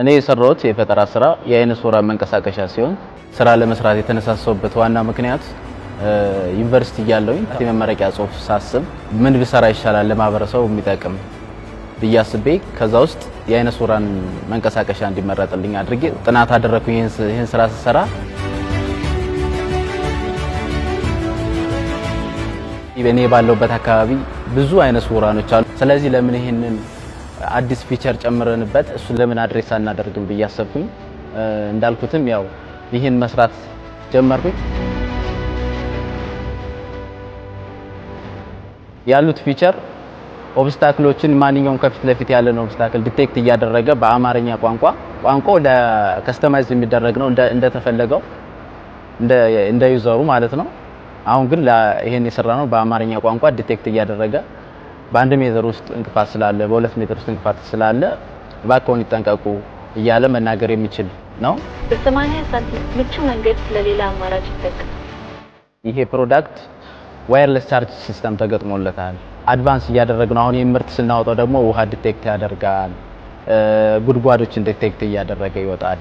እኔ የሰራሁት የፈጠራ ስራ የአይነ ሶራ መንቀሳቀሻ ሲሆን ስራ ለመስራት የተነሳሰውበት ዋና ምክንያት ዩኒቨርሲቲ እያለሁኝ የመመረቂያ ጽሁፍ ሳስብ ምን ብሰራ ይሻላል ለማህበረሰቡ የሚጠቅም ብዬ አስቤ ከዛ ውስጥ የአይነ ስውራን መንቀሳቀሻ እንዲመረጥልኝ አድርጌ ጥናት አደረግኩ። ይህን ስራ ስሰራ እኔ ባለሁበት አካባቢ ብዙ አይነ ስውራኖች አሉ። ስለዚህ ለምን ይህንን አዲስ ፊቸር ጨምረንበት እሱ ለምን አድሬስ አናደርግም ብዬ አሰብኩኝ። እንዳልኩትም ያው ይህን መስራት ጀመርኩኝ። ያሉት ፊቸር ኦብስታክሎችን ማንኛውም ከፊት ለፊት ያለን ኦብስታክል ዲቴክት እያደረገ በአማርኛ ቋንቋ ቋንቋው ለከስተማይዝ የሚደረግ ነው እንደተፈለገው እንደ ዩዘሩ ማለት ነው። አሁን ግን ይሄን የሰራ ነው በአማርኛ ቋንቋ ዲቴክት እያደረገ በአንድ ሜትር ውስጥ እንቅፋት ስላለ፣ በሁለት ሜትር ውስጥ እንቅፋት ስላለ እባክዎን ይጠንቀቁ እያለ መናገር የሚችል ነው። በሰማንያ ሳንቲም ምቹ መንገድ ስለሌላ አማራጭ ይጠቀም። ይሄ ፕሮዳክት ዋየርለስ ቻርጅ ሲስተም ተገጥሞለታል። አድቫንስ እያደረግነው አሁን ምርት ስናወጣው ደግሞ ውሃ ዲቴክት ያደርጋል፣ ጉድጓዶችን ዲቴክት እያደረገ ይወጣል።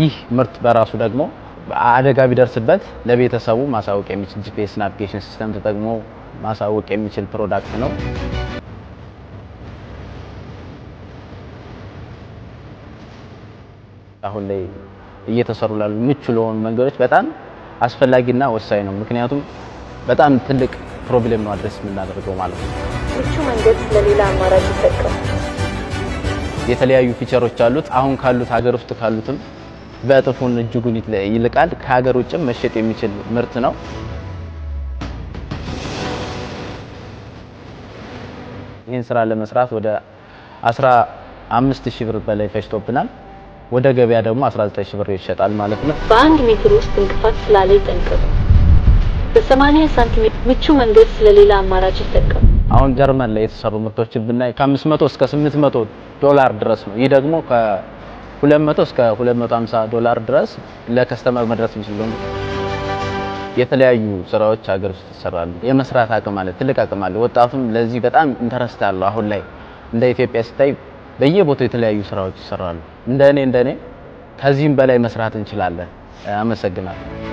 ይህ ምርት በራሱ ደግሞ አደጋ ቢደርስበት ለቤተሰቡ ማሳወቅ የሚችል ጂፒኤስ ናቪጌሽን ሲስተም ተጠቅሞ ማሳወቅ የሚችል ፕሮዳክት ነው። አሁን ላይ እየተሰሩ ላሉ ምቹ ለሆኑ መንገዶች በጣም አስፈላጊና ወሳኝ ነው። ምክንያቱም በጣም ትልቅ ፕሮብሌም ነው አድረስ የምናደርገው ማለት ነው። ምቹ መንገድ ለሌላ አማራጭ ይጠቀም የተለያዩ ፊቸሮች አሉት። አሁን ካሉት ሀገር ውስጥ ካሉትም በእጥፉን እጅጉን ይልቃል። ከሀገር ውጭም መሸጥ የሚችል ምርት ነው። ይህን ስራ ለመስራት ወደ 15 ሺህ ብር በላይ ፈጅቶብናል። ወደ ገበያ ደግሞ 19 ሺህ ብር ይሸጣል ማለት ነው። በአንድ ሜትር ውስጥ እንቅፋት ስላለ ይጠንቀቁ። በ80 ሳንቲሜትር ምቹ መንገድ ስለሌላ አማራጭ ይጠቀሙ። አሁን ጀርመን ላይ የተሰሩ ምርቶችን ብናይ ከ500 እስከ 800 ዶላር ድረስ ነው። ይህ ደግሞ ከ200 እስከ 250 ዶላር ድረስ ለከስተመር መድረስ የሚችሉ የተለያዩ ስራዎች ሀገር ውስጥ ይሰራሉ። የመስራት አቅም አለ፣ ትልቅ አቅም አለ። ወጣቱም ለዚህ በጣም ኢንተረስት አለው። አሁን ላይ እንደ ኢትዮጵያ ሲታይ በየቦታው የተለያዩ ስራዎች ይሰራሉ። እንደኔ እንደኔ ከዚህም በላይ መስራት እንችላለን። አመሰግናለሁ።